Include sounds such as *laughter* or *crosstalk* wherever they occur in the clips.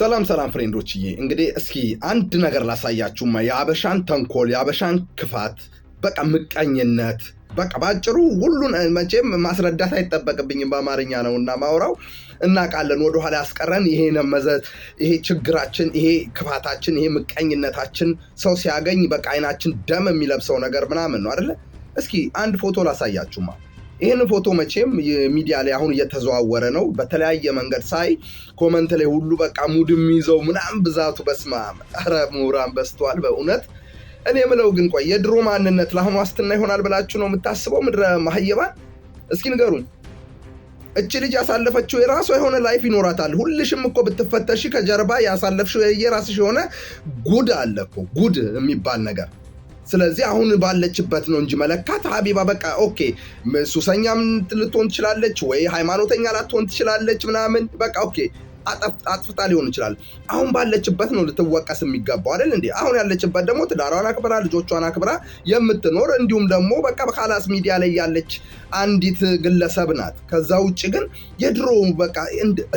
ሰላም ሰላም ፍሬንዶችዬ፣ እንግዲህ እስኪ አንድ ነገር ላሳያችሁማ የአበሻን ተንኮል የአበሻን ክፋት፣ በቃ ምቀኝነት፣ በቃ በአጭሩ ሁሉን መቼም ማስረዳት አይጠበቅብኝም። በአማርኛ ነው እና ማውራው እናውቃለን። ወደኋላ ያስቀረን ይሄ ነመዘ ይሄ ችግራችን፣ ይሄ ክፋታችን፣ ይሄ ምቀኝነታችን፣ ሰው ሲያገኝ በቃ አይናችን ደም የሚለብሰው ነገር ምናምን ነው አደለ? እስኪ አንድ ፎቶ ላሳያችሁማ ይህን ፎቶ መቼም ሚዲያ ላይ አሁን እየተዘዋወረ ነው። በተለያየ መንገድ ሳይ ኮመንት ላይ ሁሉ በቃ ሙድ የሚይዘው ምናምን ብዛቱ፣ በስማ አብ! ኧረ ምሁራን በስተዋል በእውነት። እኔ ምለው ግን ቆይ የድሮ ማንነት ለአሁኑ ዋስትና ይሆናል ብላችሁ ነው የምታስበው? ምድረ ማህየባን እስኪ ንገሩኝ። እች ልጅ ያሳለፈችው የራሷ የሆነ ላይፍ ይኖራታል። ሁልሽም እኮ ብትፈተሺ ከጀርባ ያሳለፍሽው የራስሽ የሆነ ጉድ አለ እኮ ጉድ የሚባል ነገር ስለዚህ አሁን ባለችበት ነው እንጂ መለካት ሀቢባ በቃ ኦኬ፣ ሱሰኛም ልትሆን ትችላለች ወይ ሃይማኖተኛ ላትሆን ትችላለች ምናምን በቃ ኦኬ አጥፍታ ሊሆን ይችላል። አሁን ባለችበት ነው ልትወቀስ የሚገባው አይደል እንዴ? አሁን ያለችበት ደግሞ ትዳሯን አክብራ ልጆቿን አክብራ የምትኖር እንዲሁም ደግሞ በቃ በካላስ ሚዲያ ላይ ያለች አንዲት ግለሰብ ናት። ከዛ ውጭ ግን የድሮ በቃ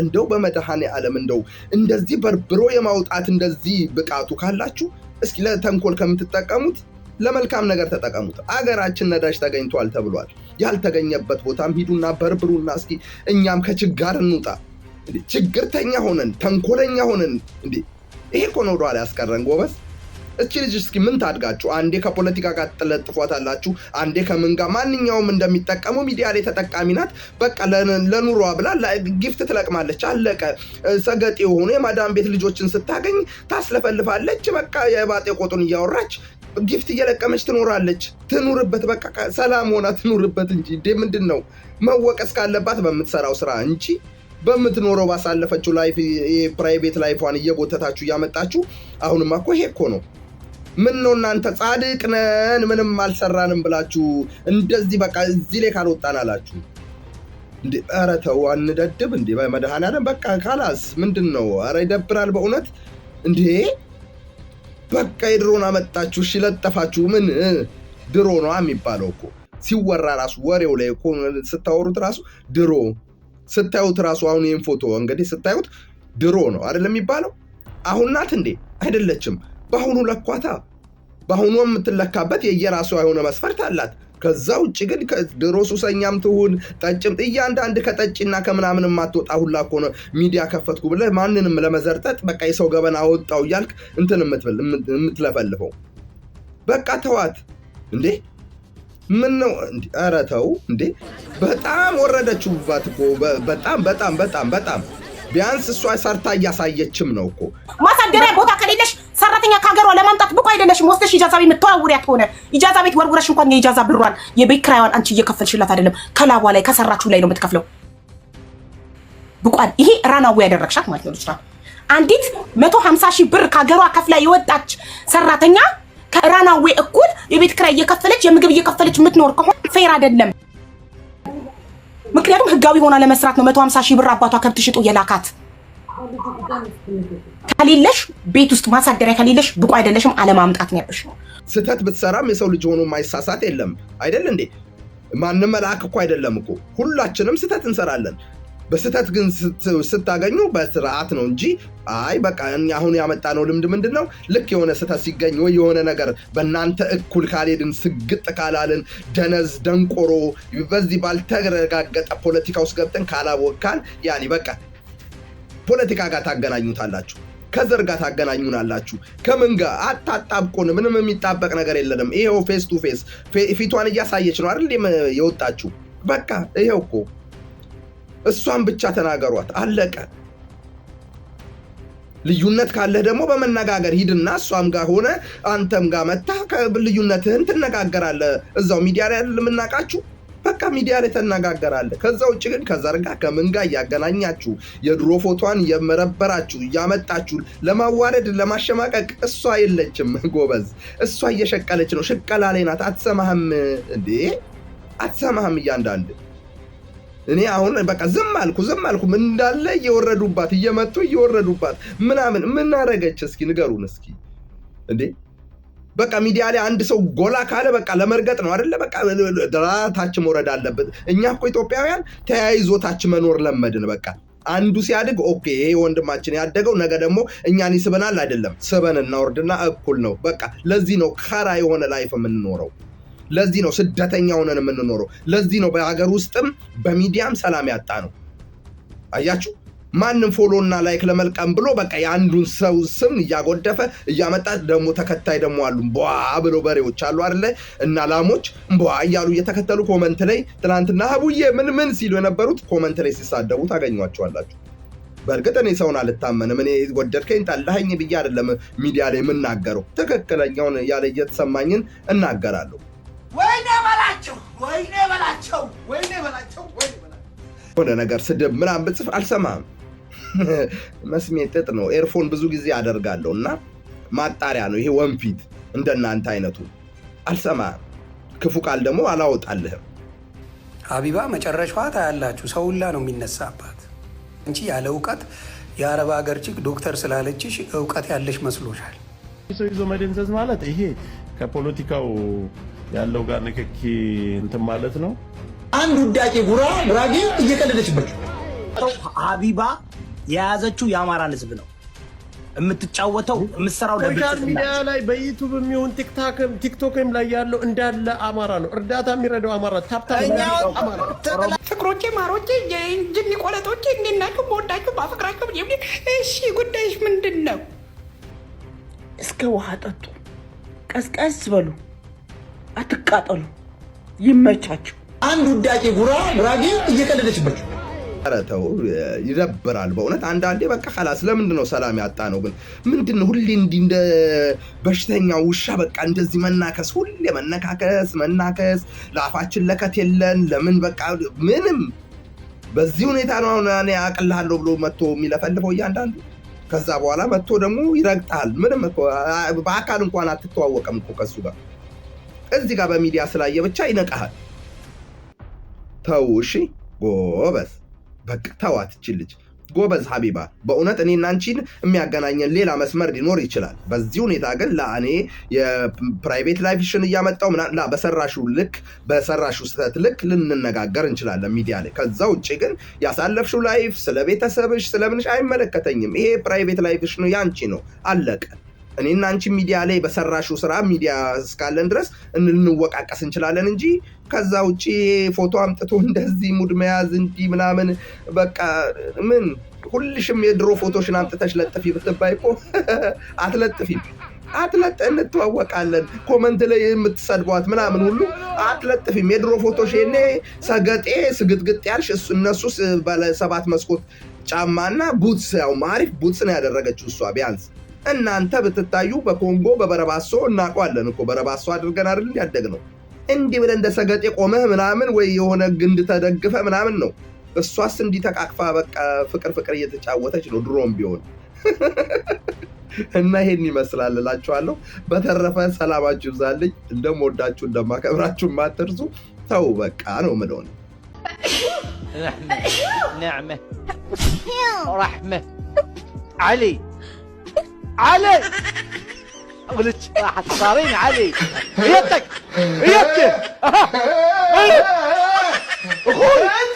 እንደው በመድኃኔ ዓለም እንደው እንደዚህ በርብሮ የማውጣት እንደዚህ ብቃቱ ካላችሁ እስኪ ለተንኮል ከምትጠቀሙት ለመልካም ነገር ተጠቀሙት። አገራችን ነዳጅ ተገኝቷል ተብሏል። ያልተገኘበት ቦታም ሂዱና በርብሩና እስኪ እኛም ከችጋር እንውጣ። ችግርተኛ ሆነን ተንኮለኛ ሆነን እንዴ! ይሄ እኮ ነው ወደኋላ ያስቀረን ጎበዝ። እቺ ልጅ እስኪ ምን ታድጋችሁ? አንዴ ከፖለቲካ ጋር ትለጥፏታላችሁ፣ አንዴ ከምን ጋር ማንኛውም እንደሚጠቀሙ ሚዲያ ላይ ተጠቃሚ ናት። በቃ ለኑሯ ብላ ጊፍት ትለቅማለች፣ አለቀ። ሰገጤ የሆኑ የማዳም ቤት ልጆችን ስታገኝ ታስለፈልፋለች። በቃ የባጤ ቆጡን እያወራች ጊፍት እየለቀመች ትኖራለች። ትኑርበት፣ በቃ ሰላም ሆና ትኑርበት እንጂ እንዴ! ምንድን ነው መወቀስ ካለባት በምትሰራው ስራ እንጂ በምትኖረው ባሳለፈችው ላይፍ ፕራይቬት ላይፏን እየጎተታችሁ እያመጣችሁ። አሁንማ እኮ ይሄ እኮ ነው። ምን ነው እናንተ ጻድቅ ነን ምንም አልሰራንም ብላችሁ እንደዚህ በቃ እዚህ ላይ ካልወጣን አላችሁ። ኧረ ተው አንደድብ እንዴ! በመድኃኒዓለም በቃ ካላስ ምንድን ነው? ኧረ ይደብራል በእውነት እንዴ! በቃ የድሮን አመጣችሁ ሽለጠፋችሁ ምን ድሮ ነው የሚባለው እኮ ሲወራ ራሱ ወሬው ላይ እኮ ስታወሩት ራሱ ድሮ ስታዩት ራሱ አሁን ይህን ፎቶ እንግዲህ ስታዩት ድሮ ነው አይደለም የሚባለው። አሁን ናት እንዴ? አይደለችም። በአሁኑ ለኳታ በአሁኑ የምትለካበት የየራሷ የሆነ መስፈርት አላት። ከዛ ውጭ ግን ድሮ ሱሰኛም ትሁን ጠጭም እያንዳንድ ከጠጭና ከምናምን የማትወጣ ሁላ እኮ ነው ሚዲያ ከፈትኩ ብለህ ማንንም ለመዘርጠጥ በቃ የሰው ገበና ወጣው እያልክ እንትን የምትለፈልፈው በቃ ተዋት እንዴ! ምን ነው ኧረ ተው እንዴ! በጣም ወረደችሁባት እኮ በጣም በጣም በጣም በጣም ቢያንስ እሷ ሰርታ እያሳየችም ነው እኮ ማሳደሪያ ቦታ ከሌለሽ ሰራተኛ ከሀገሯ ለማምጣት ብቁ አይደለሽም። ወስደሽ ኢጃዛ ቤት የምትወረውሪያት ሆነ ኢጃዛ ቤት ወርውረሽ እንኳን የኢጃዛ ብሯን የቤት ክራዋን አንቺ እየከፈልሽላት አይደለም፣ ከላቧ ላይ ከሰራችሁ ላይ ነው የምትከፍለው። ብቋን ይሄ ራናዊ ያደረግሻት ማለት ነው። ልጅቷ አንዲት መቶ ሀምሳ ሺህ ብር ከሀገሯ ከፍላ የወጣች ሰራተኛ ከራናዊ እኩል የቤት ክራይ እየከፈለች የምግብ እየከፈለች የምትኖር ከሆነ ፌር አይደለም። ምክንያቱም ህጋዊ ሆና ለመስራት ነው መቶ ሀምሳ ሺህ ብር አባቷ ከብት የላካት። ከሌለሽ ቤት ውስጥ ማሳደሪያ ከሌለሽ ብቁ አይደለሽም። አለማምጣት ነው ያለሽ። ስህተት ብትሰራም የሰው ልጅ ሆኖ ማይሳሳት የለም አይደል እንዴ? ማንም መልአክ እኮ አይደለም እኮ። ሁላችንም ስህተት እንሰራለን። በስህተት ግን ስታገኙ በስርዓት ነው እንጂ አይ በቃ አሁን ያመጣነው ልምድ ምንድን ነው? ልክ የሆነ ስህተት ሲገኝ ወይ የሆነ ነገር በእናንተ እኩል ካልሄድን፣ ስግጥ ካላልን፣ ደነዝ ደንቆሮ፣ በዚህ ባልተረጋገጠ ፖለቲካ ውስጥ ገብተን ካላወካን ያኔ በቃ ፖለቲካ ጋር ታገናኙታላችሁ፣ ከዘር ጋር ታገናኙናላችሁ፣ ከምን ጋር አታጣብቁን። ምንም የሚጣበቅ ነገር የለንም። ይሄው ፌስ ቱ ፌስ ፊቷን እያሳየች ነው አይደል የወጣችሁ። በቃ ይሄው እኮ እሷን ብቻ ተናገሯት፣ አለቀ። ልዩነት ካለህ ደግሞ በመነጋገር ሂድና እሷም ጋር ሆነ አንተም ጋር መታ ልዩነትህን ትነጋገራለህ። እዛው ሚዲያ ላይ የምናውቃችሁ ሚዲያ ላይ ተነጋገራለ ከዛ ውጭ ግን ከዘርጋ ከምንጋ እያገናኛችሁ የድሮ ፎቶዋን እየመረበራችሁ እያመጣችሁ ለማዋረድ ለማሸማቀቅ እሷ የለችም *laughs* ጎበዝ፣ እሷ እየሸቀለች ነው። ሽቀላ ላይ ናት። አትሰማህም እንዴ? አትሰማህም እያንዳንድ እኔ አሁን በቃ ዝም አልኩ ዝም አልኩ። እንዳለ እየወረዱባት እየመጡ እየወረዱባት ምናምን ምናረገች? እስኪ ንገሩን እስኪ እንዴ በቃ ሚዲያ ላይ አንድ ሰው ጎላ ካለ በቃ ለመርገጥ ነው አደለ? በቃ ታች መውረድ አለበት። እኛ እኮ ኢትዮጵያውያን ተያይዞ ታች መኖር ለመድን። በቃ አንዱ ሲያድግ ኦኬ ይሄ ወንድማችን ያደገው ነገ ደግሞ እኛን ይስበናል አይደለም፣ ስበን እናወርድና እኩል ነው። በቃ ለዚህ ነው ካራ የሆነ ላይፍ የምንኖረው። ለዚህ ነው ስደተኛ ሆነን የምንኖረው። ለዚህ ነው በሀገር ውስጥም በሚዲያም ሰላም ያጣ ነው። አያችሁ። ማንም ፎሎና ላይክ ለመልቀም ብሎ በቃ የአንዱን ሰው ስም እያጎደፈ እያመጣ ደግሞ ተከታይ ደግሞ አሉ ቧ ብሎ በሬዎች አሉ አደለ እና ላሞች ቧ እያሉ እየተከተሉ ኮመንት ላይ ትናንትና ሀቡዬ ምን ምን ሲሉ የነበሩት ኮመንት ላይ ሲሳደቡ ታገኟቸዋላችሁ። በእርግጥ እኔ ሰውን አልታመንም። እኔ ወደድከኝ ጠላኸኝ ብዬ አይደለም ሚዲያ ላይ የምናገረው፣ ትክክለኛውን ያለ እየተሰማኝን እናገራለሁ። ወይኔ በላቸው፣ ወይኔ በላቸው፣ ወይኔ በላቸው፣ ወይኔ በላቸው የሆነ ነገር ስድብ ምናምን ብጽፍ አልሰማም። መስሜ ጥጥ ነው። ኤርፎን ብዙ ጊዜ አደርጋለሁ እና ማጣሪያ ነው ይሄ ወንፊት እንደናንተ አይነቱ አልሰማ ክፉ ቃል ደግሞ አላወጣልህም። ሀቢባ መጨረሻዋ ታያላችሁ። ሰውላ ነው የሚነሳባት። አንቺ ያለ እውቀት የአረብ ሀገር ችግ ዶክተር ስላለችሽ እውቀት ያለሽ መስሎሻል። ሰው ይዞ መደንዘዝ ማለት ይሄ ከፖለቲካው ያለው ጋር ንክኪ እንትን ማለት ነው። አንድ ውዳቄ ጉራ ጉራጌ እየቀለደችበት ሀቢባ የያዘችው የአማራን ህዝብ ነው የምትጫወተው የምትሰራው ሶሻል ሚዲያ ላይ በዩቱብ የሚሆን ቲክቶክም ላይ ያለው እንዳለ አማራ ነው። እርዳታ የሚረዳው አማራ ታብታ ፍቅሮቼ፣ ማሮቼ፣ ጅኒ ቆለጦቼ እንዴት ናችሁ? በወዳችሁ በአፍቅራችሁ ብዬ እሺ፣ ጉዳይሽ ምንድን ነው? እስከ ውሃ ጠጡ፣ ቀዝቀዝ በሉ፣ አትቃጠሉ፣ ይመቻቸው። አንድ ውዳቄ ጉራ ራጌ እየቀለደችባችሁ ኧረ ተው ይደብራል በእውነት አንዳንዴ በቃ ከላስ ለምንድን ነው ሰላም ያጣ ነው ግን ምንድን ነው ሁሌ እንዲህ እንደ በሽተኛ ውሻ በቃ እንደዚህ መናከስ ሁሌ መነካከስ መናከስ ለአፋችን ለከት የለን ለምን በቃ ምንም በዚህ ሁኔታ ነው እኔ አቅልሃለሁ ብሎ መጥቶ የሚለፈልፈው እያንዳንዱ ከዛ በኋላ መጥቶ ደግሞ ይረግጣል ምንም በአካል እንኳን አትተዋወቅም እኮ ከሱ ጋር እዚህ ጋር በሚዲያ ስላየ ብቻ ይነቃሃል ተው እሺ ጎበዝ በቃ ተዋት ይቺ ልጅ። ጎበዝ ሀቢባ፣ በእውነት እኔና አንቺን የሚያገናኘን ሌላ መስመር ሊኖር ይችላል። በዚህ ሁኔታ ግን ለእኔ የፕራይቬት ላይፍሽን እያመጣው ላ በሰራሹ ልክ በሰራሹ ስህተት ልክ ልንነጋገር እንችላለን ሚዲያ ላይ። ከዛ ውጭ ግን ያሳለፍሹ ላይፍ ስለ ቤተሰብሽ ስለምንሽ አይመለከተኝም። ይሄ ፕራይቬት ላይፍሽን ያንቺ ነው፣ አለቀ። እኔና አንቺ ሚዲያ ላይ በሰራሽው ስራ ሚዲያ እስካለን ድረስ ልንወቃቀስ እንችላለን እንጂ ከዛ ውጭ ፎቶ አምጥቶ እንደዚህ ሙድ መያዝ እንዲህ ምናምን በቃ ምን ሁልሽም የድሮ ፎቶሽን አምጥተሽ ለጥፊ ብትባይ እኮ *laughs* አትለጥፊም። አትለጥ እንተዋወቃለን። ኮመንት ላይ የምትሰድቧት ምናምን ሁሉ አትለጥፊም። የድሮ ፎቶሽ ሰገጤ ስግጥግጥ ያልሽ እነሱ ሰባት መስኮት ጫማና ቡትስ፣ ያው ማሪፍ ቡትስ ነው ያደረገችው እሷ ቢያንስ እናንተ ብትታዩ በኮንጎ በበረባሶ እናቋለን እኮ በረባሶ አድርገን አይደል እንዲያደግ ነው። እንዲህ ብለ እንደ ሰገጤ ቆመህ ምናምን ወይ የሆነ ግንድ ተደግፈ ምናምን ነው። እሷስ እንዲህ ተቃቅፋ በቃ ፍቅር ፍቅር እየተጫወተች ነው ድሮም ቢሆን እና ይሄን ይመስላል እላችኋለሁ። በተረፈ ሰላማችሁ ይብዛልኝ። እንደምወዳችሁ እንደማከብራችሁ ማትርሱ። ተው በቃ ነው ምን ሆነ ራሕመ ዓሊ علي ولك راح تصارين علي يدك يدك اخوي